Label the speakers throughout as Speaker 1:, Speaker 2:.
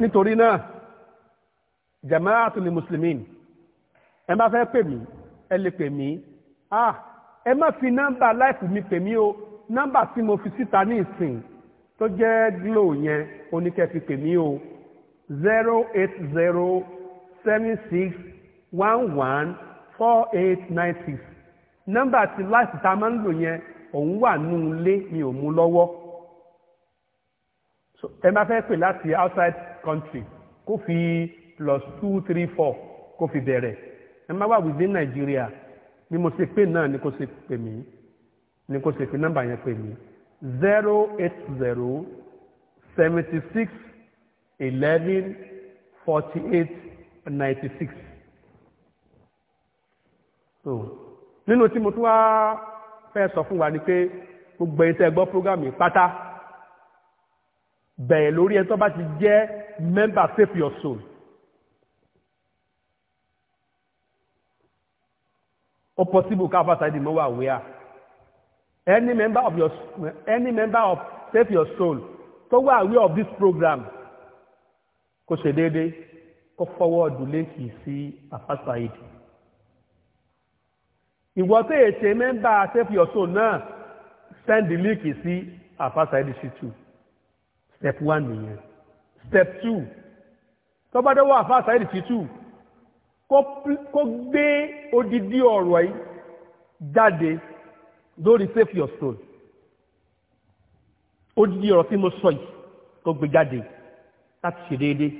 Speaker 1: nítorí náà jama'atul muslimin ẹ bá fẹ́ pè mí ẹ lè pè mí ah ẹ má fi nọ́mbà láìpù mi pè mí o nọ́mbà tí mo fi síta ní ìsìn tó jẹ́ glo yẹn oníkẹ́fì pè mí o zero eight zero seven six one one four eight nine six nọ́mbà tí láìpù tá a máa ń lò yẹn òun wà nínú ilé mi ò mú lọ́wọ́ so ẹ máa fẹ́ pè láti outside country kó fi plus two three four kó fi bẹ̀rẹ̀ ẹ máa wà within Nigeria ni mo ṣe pè náà ni kò ṣe pè mí ni kò ṣe fi nọ́mbà yẹn pè mí zero eight zero seventy six eleven forty eight ninety six so nínú tí mo tún wá fẹ́ sọ fún wa ni pé gbogbo ẹ̀ tẹ́ gbọ́ program yìí pátá bẹ̀rẹ̀ lórí ẹni tó bá ti jẹ́ member save your soul. ó possible ká fásitì àdìmọ́ wà wíyà any member of your any member of save your soul tó wà aware of this program kó ṣe déédéé kó fọwọ́ọ̀dù léǹkì sí àfásitì ìwọ tó yẹ ṣe member save your soul náà send the link sí àfásitì sí too step one nìyẹn step two tó bá dọ́wọ́ àfa àsáyédì fi two kó gbé odidi ọ̀rọ̀ yìí jáde lórí save your soul odidi ọ̀rọ̀ tí mo sọ yìí kó gbé jáde láti ṣe déédéé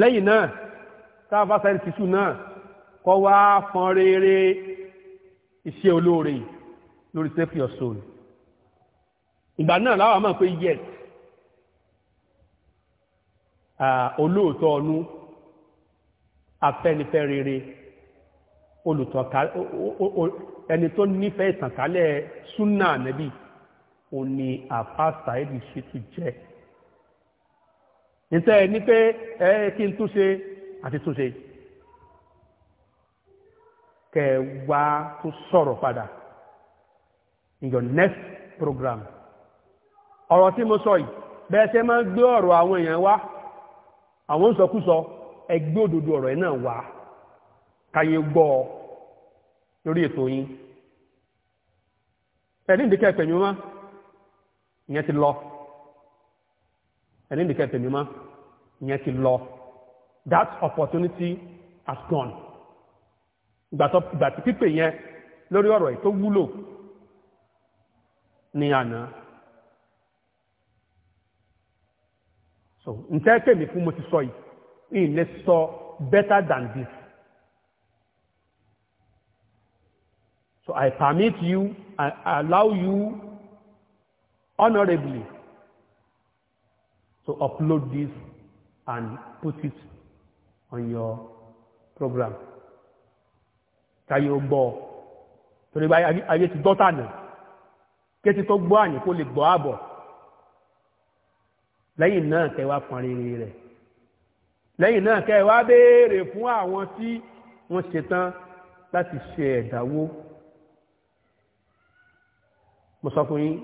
Speaker 1: lẹ́yìn náà tá a bá sáré tìṣù náà kọ́ wá fọn rere iṣẹ́ olóore lórí save your soul ìgbà náà láwà mọ̀ pé yes olóòótọ́ ọnú afẹ́nifẹ́ rere olùtọ́ka ẹni tó nífẹ̀ẹ́ ìtànkálẹ̀ súnà nẹ́bí o ni àfá sàídì ṣètù jẹ́ níta ẹni pé ẹ kí n túnṣe àti túnṣe kẹwàá tó sọ̀rọ̀ padà in your next program ọ̀rọ̀ tí mo sọ yìí bẹ́ẹ̀ ṣe máa ń gbé ọ̀rọ̀ àwọn èèyàn wá àwọn ń sọkúsọ ẹgbẹ́ òdodo ọ̀rọ̀ ẹ̀ náà wá káyé gbọ́ ọ lórí ètò yín ẹ̀ní ìdíkẹ́ pẹ̀mí mọ́ ìyẹn ti lọ ẹ̀ní ìdíkẹ́ pẹ̀mí mọ́ ìyẹn ti lọ that opportunity has gone ìgbà tí pípè yẹn lórí ọ̀rọ̀ ẹ̀ tó wúlò Ni àná so ntẹ́ pèmí fún mo ti sọ yìí ìyìn lè sọ better than this so I permit you I allow you honourably, to upload this and put it on your program káyé ó gbọ́ torí báyìí ayé ti dọ́tà náà kétí tó gbọ́ àyìn kó lè gbọ́ àbọ̀ lẹ́yìn náà kẹ́ wá pọn rere rẹ̀ lẹ́yìn náà kẹ́ wá béèrè fún àwọn tí wọ́n ṣetán láti ṣe ẹ̀dáwó mo sọ fún yín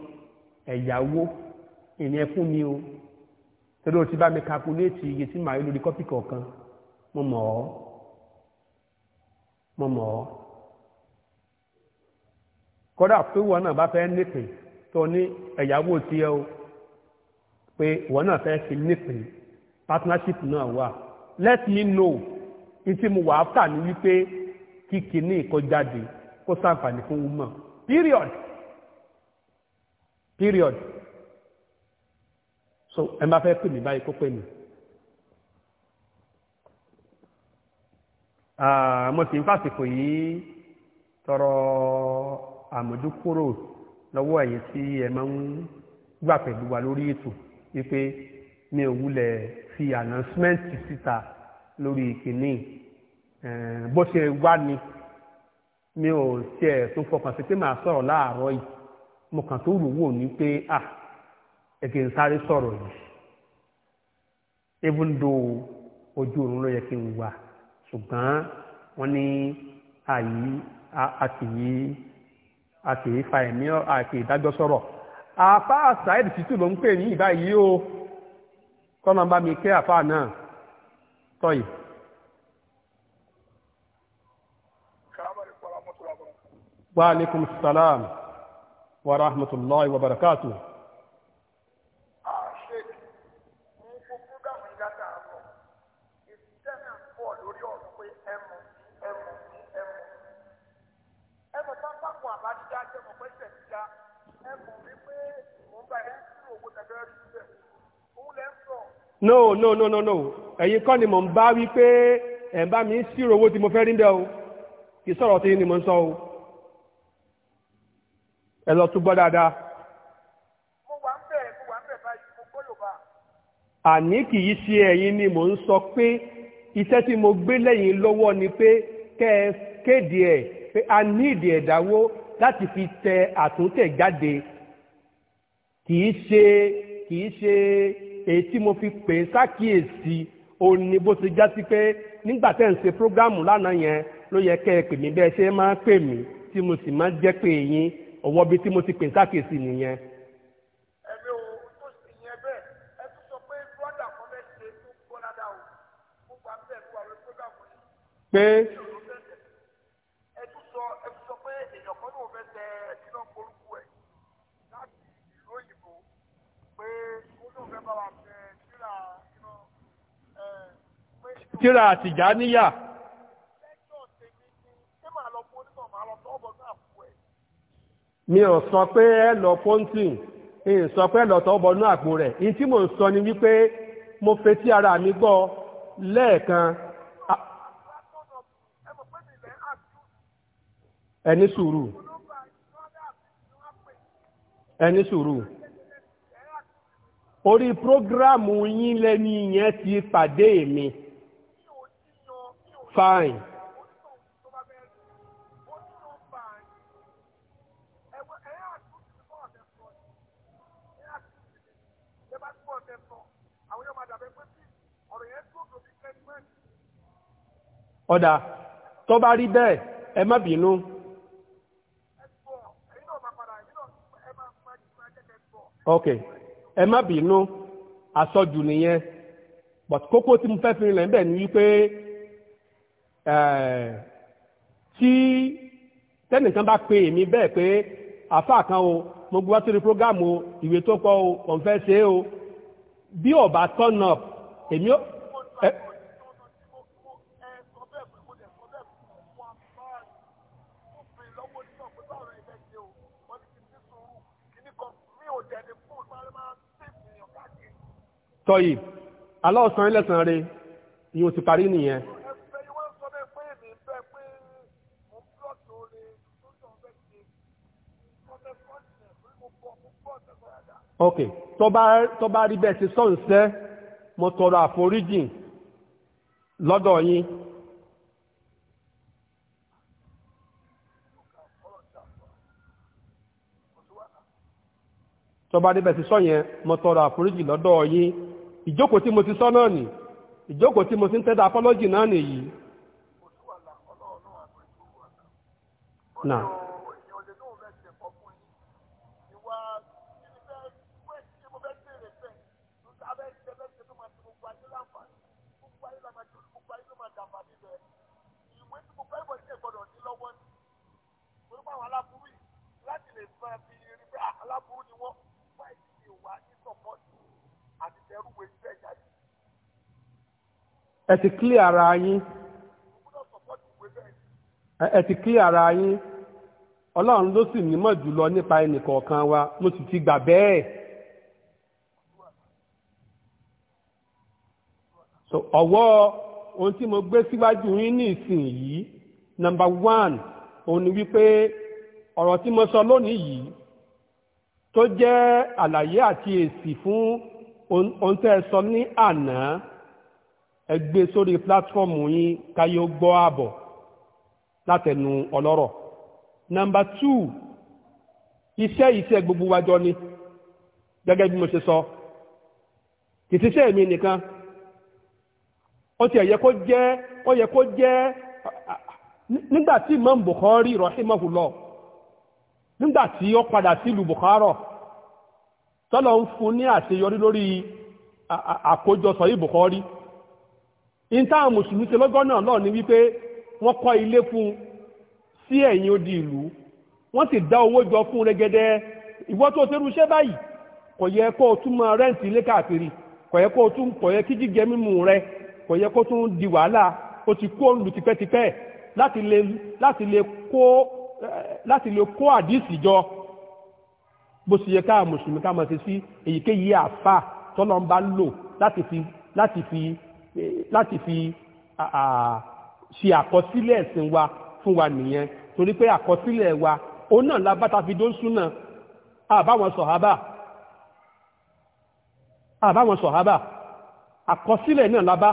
Speaker 1: ẹ̀yáwó ìyẹn fún mi o torí o ti bá mi kakuléètì iye tí màá yọ lórí kọ́pì kọ̀ọ̀kan mo mọ̀ ọ́ mo mọ̀ ọ́ kódà pé wọn náà bá fẹ́ nípìn tó ní ẹ̀yáwó tiẹ̀ o pé ìwọ náà fẹ́ fi nípìn partnership náà wà let me know n tí mo wà áfà ní wípé kíkì ní ìkọjáde kó sàǹfààní fún woman period period so ẹ má fẹ́ pè mí báyìí kó pè mí. Ah, mo sì ń fàsìkò yìí tọrọ àmójúkúrò lọ́wọ́ ẹ̀yin tí ẹ máa ń gbà pẹ̀lú wa lórí ètò wípé mi ò wulẹ̀ fi announcement síta lórí kìíní bó ṣe wá ni mi ò tiẹ̀ tó fọkàn sí pé màá sọ̀rọ̀ láàárọ̀ yìí mo kàn tó rò wò ní pé à ẹ̀kẹ́ ń sáré sọ̀rọ̀ yìí even though ojú òun ló yẹ kí n wà ṣùgbọ́n wọ́n ní àyí àtìyí àtìyí fa ẹ̀mí àti ìdájọ́ sọ̀rọ̀ àfá Saheed Shittu ló ń pè ní ìbá yìí o kọ́nà bá mi kẹ́ àfá náà tọ́yì. wa alaikum salam wa rahmatullahi wa barakatuh. no no no no ẹ̀yin kọ́ ni mò ń bá wí pé ẹ̀ bá mi sírò owó tí mo fẹ́ rí bẹ́ẹ̀ o kì í sọ̀rọ̀ tí ni mò ń sọ o ẹ lọ tún gbọ́ dáadáa.
Speaker 2: mo wà ń bẹ̀ mo wà ń bẹ̀ báyìí mo gbọ́dọ̀ bá.
Speaker 1: àní kì í ṣe ẹ̀yin ni mò ń sọ pé iṣẹ́ tí mo gbé lẹ́yìn lọ́wọ́ ni pé kẹ́ ẹ kéde ẹ̀ pé a ní ìdí ẹ̀dáwó láti fi tẹ àtúntẹ̀ jáde kì í ṣe kì í ṣe èyí tí mo fi pè é sákìyèsí òun ni bó ti já sí pé nígbà tẹ́ ń ṣe prógámù lánàá yẹn ló yẹ kẹ́ ẹ pè mí bẹ́ẹ̀ ṣe máa pè mí tí mo sì máa jẹ́ pé yín ọwọ́ bíi tí mo ti pè é sákìyèsí nìyẹn. pé. tira àtìjà níyà. mi ò sọ pé ẹ lọ fóńtìn mi sọ pé ẹ lọ tọ́ bọnú àpò rẹ̀ ní tí mò ń sọ ni wípé mo fetí ara mi gbọ́ lẹ́ẹ̀kan. ẹni sùúrù ẹni sùúrù. orí prógrámù yín lẹ́ni yẹn ti pàdé mi fine. ọ̀dà tó bá rí bẹ́ẹ̀ ẹ má bínú okay ẹ má bínú àsọjù nìyẹn but kókó tí mo fẹ́ fi rìnlẹ̀ níbẹ̀ ni wípé eh, tí tẹ́nìkan bá pe èmi bẹ́ẹ̀ pé àfáà kan o mo gbọ́ sórí prógámù ìwé tó kọ́ o òun fẹ́ ṣe é o bí ọ̀bá turn up èmi tọ́yì aláọ̀sán ẹlẹ́sàn rẹ ni o ti parí nìyẹn ok tó bá rí bẹ́ẹ̀ ti sọ́ǹsẹ́ mo tọrọ àforíjìn lọ́dọ̀ yín tó bá rí bẹ́ẹ̀ ti sọ́yẹn mo tọrọ àforíjìn lọ́dọ̀ yín ìjókòó tí mo ti sọ náà nì ìjókòó tí mo ti ń tẹ́tà apọ́lọ́jì náà nìyí. náà.
Speaker 2: máa fi ni wọ́n wá ìdílé wa ní sọ́pọ́tù àti tẹrúwe
Speaker 1: ẹ ti clear ara yín ẹ ara yín ọlọ́run ló sì nímọ̀ jùlọ nípa ẹnìkọ̀ọ̀kan wa mo sì ti gbà bẹ́ẹ̀. so ọ̀wọ́ ohun tí mo gbé síwájú yín ní ìsìn yìí nọ́mbà one òun ni wípé ọ̀rọ̀ tí mo sọ lónìí yìí tó jẹ́ àlàyé àti èsì fún ohun tẹ́ ẹ sọ ní àná. ẹ gbé sórí pílátífọ́ọ̀mù yín káyọ̀ gbọ́ ààbọ̀ látẹnu ọlọ́rọ̀ nọmba tù iṣẹ́ iṣẹ́ gbogbo wájọ ni gẹ́gẹ́ bí mo ṣe sọ kìtíṣẹ́ mi nìkan ó ti ẹ̀yẹ kó jẹ́ ó yẹ kó jẹ́ nígbà tí Imam Bukhari rahimahullah nígbà tí ó padà sílùú Bukhara tọ́lọ̀ ń fún ní àṣeyọrí lórí àkójọ sọ̀yí Bukhari in mùsùlùmí ṣe lọ́gọ́ náà lọ́ọ̀ ni wípé wọ́n kọ́ ilé fún un sí ẹ̀yìn odi ìlú wọ́n sì dá owó jọ fún rẹ́gẹ́dẹ́ ìwọ tó ṣerú iṣẹ́ báyìí kò yẹ kó o tún máa rẹ́ǹtì ilé káàkiri kò yẹ kó o tún kò yẹ kí jíjẹ mímu rẹ kò yẹ kó tún di wàhálà o ti kó olù tipẹ́tipẹ́ láti lè láti lè kó láti lè kó àdìsí jọ bó ṣe yẹ káà mùsùlùmí ká máa ṣe sí èyíkéyìí àfà tọ́lọ́ ń bá lò láti fi láti fi láti fi ṣe àkọsílẹ̀ ẹ̀sìn wa fún wa nìyẹn torí pé àkọsílẹ̀ wa òun náà labáta fi dó súnà àbáwọn sọ̀hábà àbáwọn sọ̀hábà àkọsílẹ̀ náà labá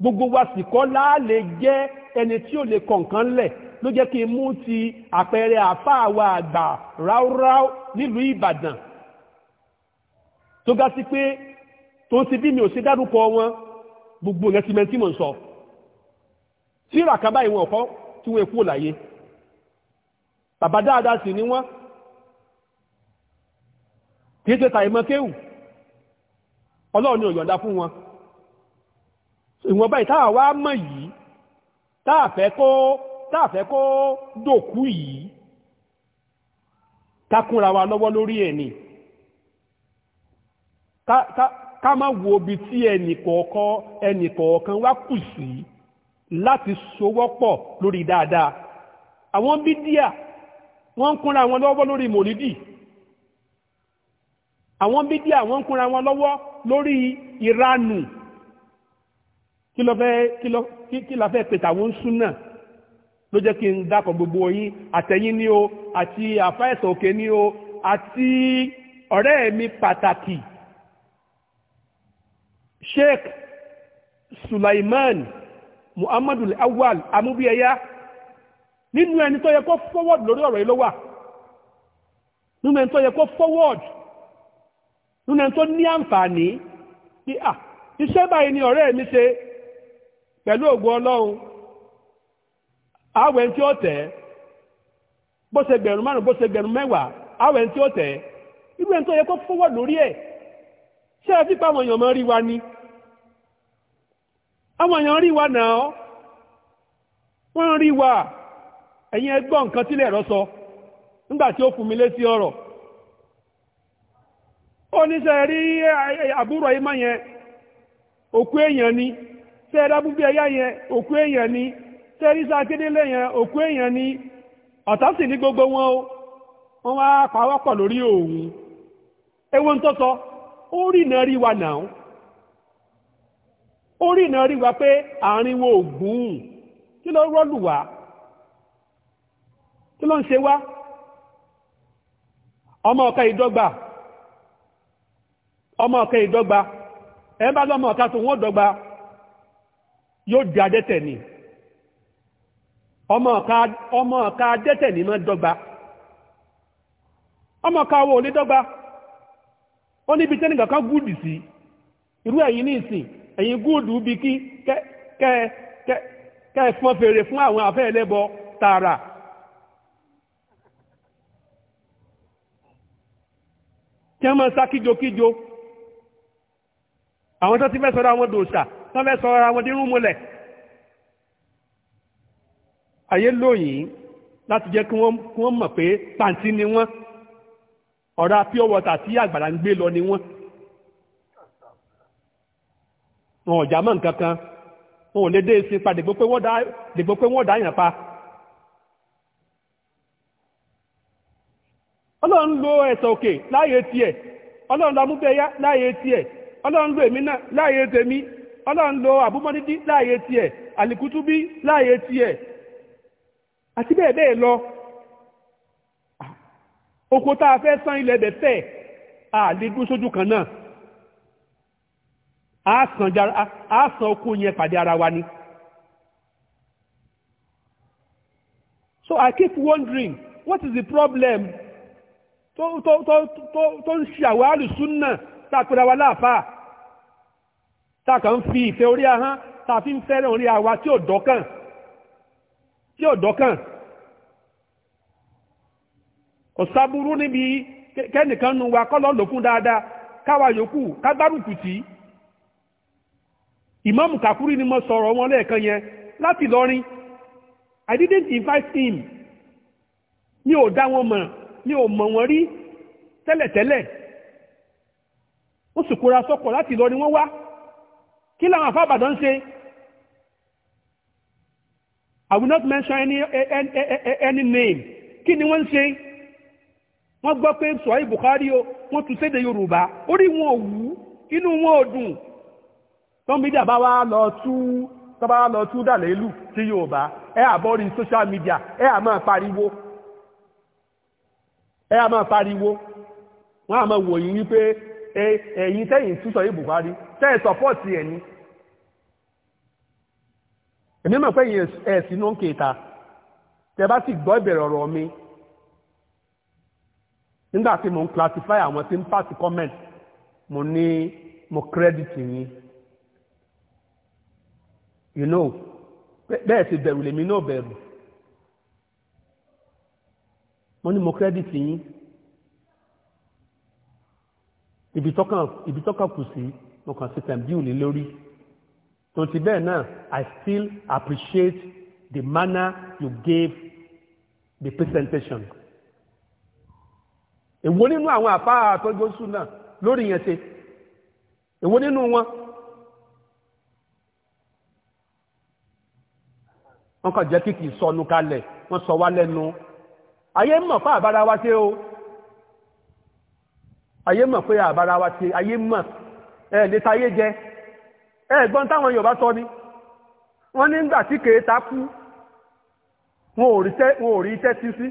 Speaker 1: gbogbo wa sì kọ́ láàlè jẹ́ ẹni tí ò lè kọ̀ǹkan lẹ̀ ló jẹ́ kí n mú ti àpẹẹrẹ àfáà wa àgbà ráúráú nílùú Ìbàdàn tó ga sí pé tó ti bí mi ò sí dárúkọ wọn gbogbo yẹn ti mẹ́tí mò ń sọ tí ràkàbá ìwọ̀n ọ̀kọ́ tí wọ́n kú láyé bàbá dáadáa sì ni wọ́n kìí ṣe tàìmọ́ kéwù ọlọ́run ni òyọ̀dá fún wọn ìwọ̀n báyìí táà wá mọ̀ yìí táà fẹ́ kó táà fẹ́ kó dòkú yìí ká kúnra wa lọ́wọ́ lórí ẹ̀ ni ká má wo ibi tí ẹnìkọ̀ọ̀kan ẹnìkọ̀ọ̀kan wá kù sí láti sowọ́pọ̀ lórí dáadáa àwọn bídíà wọ́n ń kúnra wọn lọ́wọ́ lórí mòlídì àwọn bídíà wọ́n ń kúnra wọn lọ́wọ́ lórí ìranù kí ló fẹ́ kí ló kí la fẹ́ pètè àwọn súnà ló jẹ́ kí n dákọ̀ gbogbo yín àtẹ̀yìn ni o àti àfáẹ̀sọ̀ òkè ni o àti ọ̀rẹ́ mi pàtàkì sheikh sulayman muhammadu awal amúbíẹyá nínú ẹni tó yẹ kó forward lórí ọ̀rọ̀ yìí nínú ẹni tó yẹ kó forward nínú ẹni tó ní àǹfààní pé à ah, iṣẹ́ báyìí ni ọ̀rẹ́ mi ṣe pẹ̀lú ògùn ọlọ́run àwẹ̀ tí ó tẹ̀ bó ṣe gbẹ̀rún márùn bó ṣe gbẹ̀rún mẹ́wàá àwẹ̀ tí ó tẹ̀ wa ni. ọmọ èèyàn rí wa náà wọ́n rí wa ẹ̀yin ẹgbọ́n nǹkan tílẹ̀ ẹ̀rọ sọ nígbà ó fún mi létí ọ̀rọ̀ ó ní rí àbúrò ìmọ̀ yẹn òkú èèyàn ni sẹ́ dábúgbé ẹyá yẹn òkú èèyàn ni yẹn òkú èèyàn ni ọ̀tá sì ní gbogbo wọn o wọ́n wá pàwọ́pọ̀ lórí òun nri ń tọ́tọ́ ó wa orí ìnà rí wa pé àárín ogun ògùn kí ló rọ́lù wá kí ló ń ṣe wá ọmọ ọ̀ka ìdọ́gba ọmọ ọ̀ka ìdọ́gba ẹ̀ bá lọ́mọ ọ̀ka tó wọ́n dọ́gba yóò di adẹ́tẹ̀ ọmọ ọ̀ka dọ́gba ọmọ ọ̀ka owó ẹ̀yin gúùdù bí kí kẹ́ fọ́n fèrè fún àwọn àfẹ́ ẹlẹ́bọ tààrà kí wọ́n máa sá kíjokíjo àwọn tó ti fẹ́ sọ́ra wọn dòṣà tó fẹ́ sọ́ra wọn dínrún múlẹ̀ ayé lóyìn láti jẹ́ kí wọ́n mọ̀ pé pàǹtí ni wọ́n ọ̀rá pure water tí àgbàrá ń gbé lọ ni wọ́n wọn ò já nǹkan kan wọn ò lè dé pa pé wọ́n dá yàn pa. ọlọ́run lo ẹ̀sọ̀ òkè láàyè tiẹ̀ ọlọ́run lo láàyè tiẹ̀ ọlọ́run lo èmi náà láàyè tèmi ọlọ́run lo àbúmọ́dídí láàyè tiẹ̀ àlìkútúbí láàyè tiẹ̀ àti bẹ́ẹ̀ bẹ́ẹ̀ lọ a san okú yẹn pàdé ara wa ni. So I keep wondering what is the problem tó tó tó tó tó ń ṣe àwọn alùsùn náà tá a pèrè wa láàfáà tá kàn fi ìfẹ́ orí ahọ́n tá fi ń fẹ́ràn orí àwa tí ò dọ́kàn tí ò dọ́kàn ọ̀sàbúrú níbi kẹ́nìkan nu wa kọ́ lọ́ọ́ lòkun dáadáa káwa yòókù ká gbárùkù tì Imam Kakuri ni mo sọ̀rọ̀ wọn lẹ́ẹ̀kan yẹn láti lọ́rin I didn't invite him mi o dá wọn mọ̀ mi ò mọ̀ wọn rí tẹ́lẹ̀tẹ́lẹ̀ wọ́n sì kóra sọ́kọ̀ láti lọ ni wọ́n wá kí làwọn àfáàbàdàn ń ṣe I will not mention any, any, any name kí ni wọ́n ń ṣe wọ́n gbọ́ pé Sọ̀hí Bukhari o wọ́n tún séde Yorùbá orí wọn ò wú inú wọn ò dùn tó mídíà bá wá lọ tú tó lọ tú dàlélù yóò bá ẹ àbọ́rí social media ẹ à máa pariwo ẹ à pariwo wọ́n a máa wòyìn wípé ẹ̀yin tẹ́yìn túsọ yìí Buhari tẹ́ ẹ̀ sọ́pọ́ọ̀tì èmi mọ̀ pé ń bá sì gbọ́ ìbẹ̀rẹ̀ ọ̀rọ̀ mi nígbà tí mo ń classify àwọn you know bẹ́ẹ̀ ti bẹ̀rù lèmi náà bẹ̀rù mo ní mo credit yín ibi tọ́kàn kù sí mo kàn sí tẹ̀m̀bíù lé lórí tó ti bẹ́ẹ̀ náà I still appreciate the manner you gave the presentation èwo nínú àwọn àfáà àtọ́jú sùn náà lórí yẹn ṣe èwo nínú wọn wọ́n kàn jẹ́ kìkì sọnù kalẹ̀ wọ́n sọ wá lẹ́nu ayé mọ̀ pé àbára wa ṣe o ayé mọ̀ pé àbára wa ṣe ayé mọ̀ ẹ̀ lè tayé jẹ ẹ̀ gbọ́n táwọn Yorùbá sọ ni wọ́n ní nígbà tí kèéta kú wọn ò rí iṣẹ́ sí sí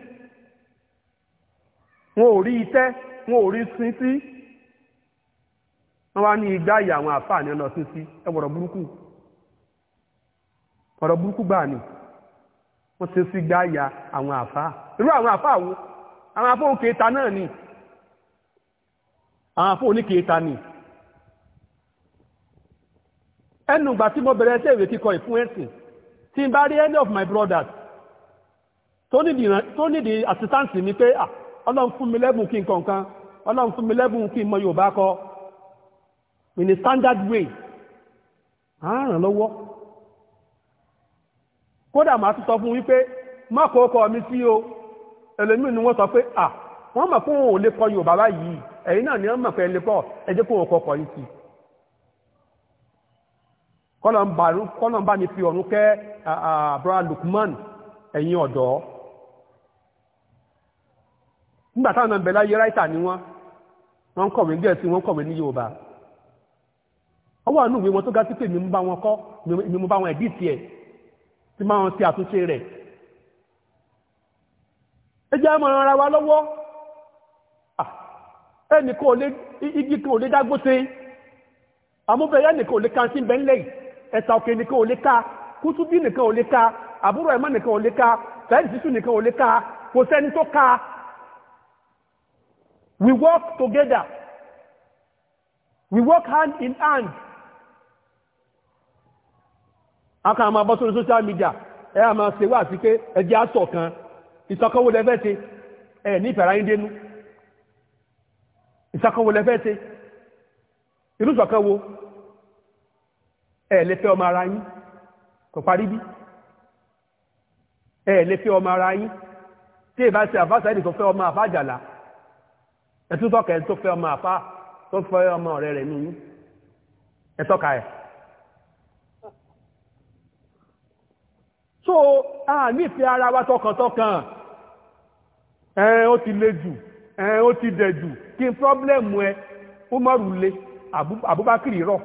Speaker 1: wọn ò rí iṣẹ́ wọn ò rí sin sí wọ́n wá ní igbá ìyà àwọn àfáà ní ọ̀nà sin sí ẹwọ̀rọ̀ burúkú ọ̀rọ̀ burúkú gbáà ni. wọ́n ti sí gbáyà àwọn àfáà irú àwọn àfáà wo àwọn àfáà òkèta náà ni àwọn àfáà oníkèta ni ẹnu ìgbà tí mo bẹ̀rẹ̀ ẹsẹ̀ ìwé kíkọ ìfúnẹ́sìn tí bá rí any of my brothers tó nídìí assistance mi pé ah, ọlọ́run fún mi lẹ́bùn kí n kọ̀ọ̀kan ọlọ́run fún mi lẹ́bùn kí n mọ Yorùbá kọ in a standard way àárànlọ́wọ́ kódà máa tún sọ fún wípé má kó kọ mi sí o ẹlòmíì ni wọ́n sọ pé à wọ́n mọ̀ fún òun ò lè kọ Yorùbá báyìí ẹ̀yin náà ni wọ́n mọ̀ pé lè kọ ẹjẹ́ kó kọ kọ yìí sí kọ́nàmbá ni fi ọ̀run kẹ́ àbúrà Lukman ẹ̀yin ọ̀dọ́ nígbà táwọn ọmọ ìbẹ̀lá yẹ ráìtà ni wọ́n wọ́n kọ̀wé gẹ̀ẹ́sì wọ́n kọ̀wé ní Yorùbá ọwọ́ àánú ìwé wọn tó ga sí pé mi mú bá wọn kọ́ mi mú bá wọn ẹ̀dí tiẹ̀ ti máa wọn àtúnṣe rẹ̀ ẹjẹ́ àmọ́ ara wa lọ́wọ́ ẹnìkan ò igi kan ò lè dágbóse àmúbẹ̀rẹ̀ ẹnìkan ò sí bẹ́ńlẹ̀ ẹ̀sà òkè nìkan ò lè ka kútúbí nìkan ò lè àbúrò ẹ̀mọ́ nìkan ò lè ka sẹ́yìn nìkan ò lè kò sẹ́ni tó ka we work together we work hand in hand aka àmà bọ́ sórí social media ẹ àmà ṣèwà àti pé ẹjẹ́ àtọ̀ kan ìsọkọ́wò lẹ́fẹ́ ṣe ẹ ní ìfẹ̀rẹ̀ ayé dénú ìsọkọ́wò lẹ́fẹ́ ṣe irú ìsọkọ́wò ẹ lè fẹ́ ọmọ ara yín kò parí bí ẹ lè fẹ́ ọmọ ara yín tí ìbá ṣe àfáà sáyẹ́dì tó fẹ́ ọmọ àfáà jàlá ẹ̀tútọ́kẹ́ tó fẹ́ ọmọ àfáà tó fẹ́ ọmọ ọ̀rẹ́ rẹ̀ nínú ẹ̀tọ́ka ẹ̀ so a nífẹ́ ara wa tọkàntọkàn ẹ̀ ó ti le jù ẹ̀ ó ti dẹ̀ jù kí n pọ́blẹ́mù ẹ ó mọ́rù le àbúbákìrì rọ̀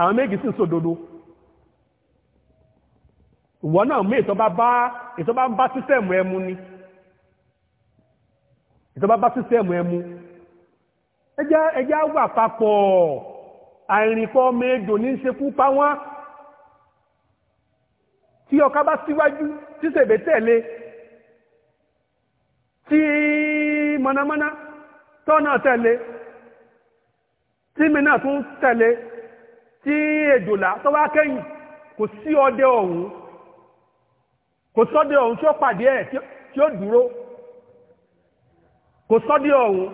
Speaker 1: àwọn méjì sì ń sòdodo ìwọ náà mé ìtọ́ba bá ìtọ́ba ń bá sísẹ̀mù ẹmu ni ìtọ́ba bá sísẹ̀mù ẹmu ẹjá wà papọ̀ àìrìnkọ́ méjò ní ṣe fún páwọn tí ọká bá síwájú tí sèbè tẹ̀lé tí mọ̀nàmọ́ná tọ́nà tẹ̀lé tí mìíràn tún tẹ̀lé tí èjòlá tó wá kẹ́yìn kò sí ọdẹ ọ̀hún kò sọ́dẹ ọ̀hún tí ó pàdé ẹ̀ tí ó dúró kò sọ́dẹ ọ̀hún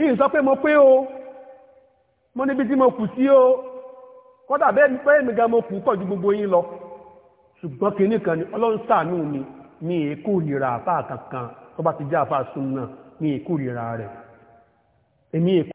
Speaker 1: ìyìn sọ pé mo pé o mo níbi tí mo kù sí o kódà bẹ́ẹ̀ ni pẹ́ èmi gan mo kù pọ̀ ju gbogbo yín lọ ṣùgbọ́n kinní kan ni ọlọ́run ṣàánú ní èkó ìlera àfáà kankan tó bá ti jẹ́ àfáà sunna ní èkó ìlera rẹ̀